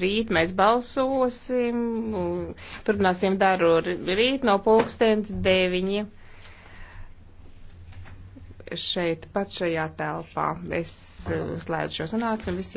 rīt mēs balsosim, nu, turpināsim darbu rīt no pulkstens deviņiem šeit pat šajā telpā. Es uh, slēdzu šo sanāksmi visiem.